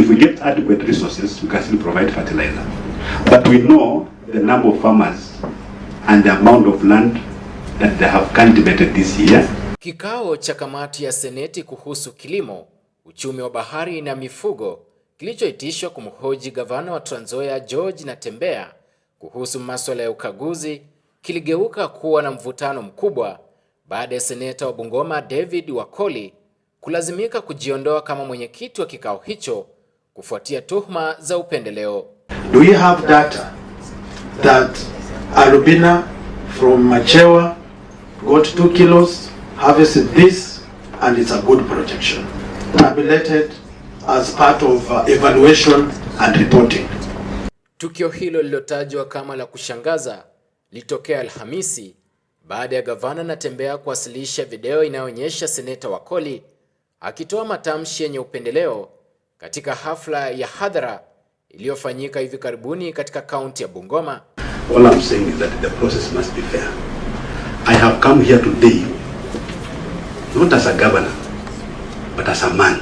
If we get adequate resources, we can still provide fertilizer. But we know the number of farmers and the amount of land that they have cultivated this year. Kikao cha kamati ya Seneti kuhusu kilimo, uchumi wa bahari na mifugo kilichoitishwa kumhoji gavana wa Trans Nzoia George Natembeya kuhusu masuala ya ukaguzi kiligeuka kuwa na mvutano mkubwa baada ya seneta wa Bungoma David Wakoli kulazimika kujiondoa kama mwenyekiti wa kikao hicho kufuatia tuhuma za upendeleo. Do you have data that Arubina from Machewa got two kilos harvested this and it's a good projection tabulated as part of uh, evaluation and reporting. Tukio hilo lilotajwa kama la kushangaza litokea Alhamisi baada ya gavana Natembeya kuwasilisha video inayoonyesha seneta Wakoli akitoa matamshi yenye upendeleo katika hafla ya hadhara iliyofanyika hivi karibuni katika kaunti ya Bungoma. All I'm saying is that the process must be fair. I have come here today not as a governor but as a man.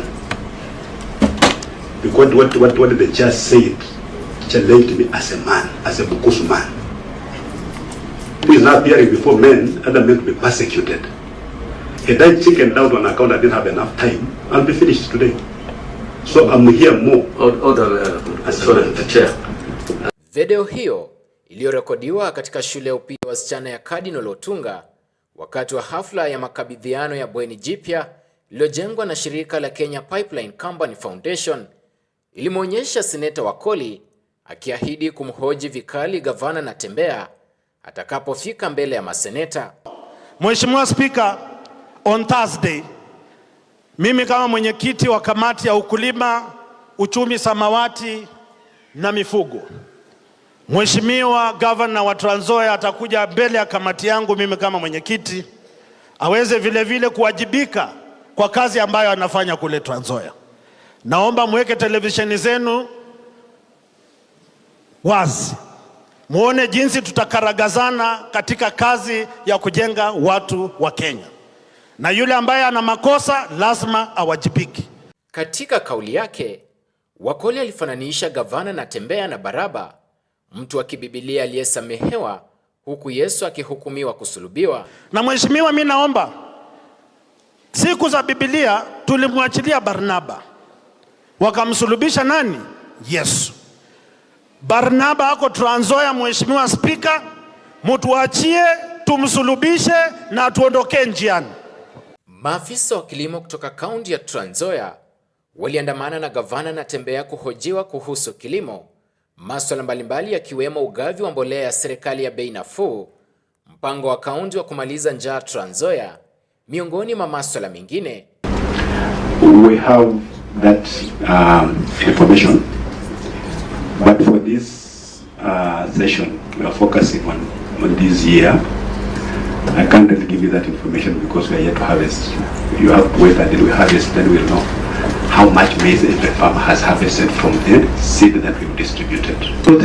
Because what what what the judge said challenged me as a man, as a Bukusu man. He is not appearing before men, other men to be persecuted. Had I taken down on account I didn't have enough time, I'll be finished today. So I'm here more. Order, uh, chair. Video hiyo iliyorekodiwa katika shule ya upili ya wasichana ya Cardinal Otunga wakati wa hafla ya makabidhiano ya bweni jipya lililojengwa na shirika la Kenya Pipeline Company Foundation ilimwonyesha Seneta Wakoli akiahidi kumhoji vikali gavana Natembeya atakapofika mbele ya maseneta. Mheshimiwa Spika, on Thursday mimi kama mwenyekiti wa kamati ya ukulima, uchumi samawati na mifugo, Mheshimiwa gavana wa Trans Nzoia atakuja mbele ya kamati yangu, mimi kama mwenyekiti, aweze vile vile kuwajibika kwa kazi ambayo anafanya kule Trans Nzoia. Naomba mweke televisheni zenu wazi muone jinsi tutakaragazana katika kazi ya kujenga watu wa Kenya na yule ambaye ana makosa lazima awajibike. Katika kauli yake, Wakoli alifananisha gavana na tembea na Baraba, mtu wa kibibilia aliyesamehewa huku Yesu akihukumiwa kusulubiwa. Na mheshimiwa, mimi naomba siku za Biblia tulimwachilia Barnaba, wakamsulubisha nani? Yesu. Barnaba ako Trans Nzoia, mheshimiwa Spika, mutuachie tumsulubishe na tuondokee njiani. Maafisa wa kilimo kutoka kaunti ya Trans Nzoia waliandamana na gavana Natembeya kuhojiwa kuhusu kilimo, masuala mbalimbali yakiwemo ugavi wa mbolea ya serikali ya bei nafuu, mpango wa kaunti wa kumaliza njaa Trans Nzoia, miongoni mwa masuala mengine. We have that um, information but for this uh, session we are focusing on, on this year I can't really give you that information because we are yet to harvest. You have to wait until we harvest, then we'll know how much maize every farmer has harvested from the seed that we've distributed. So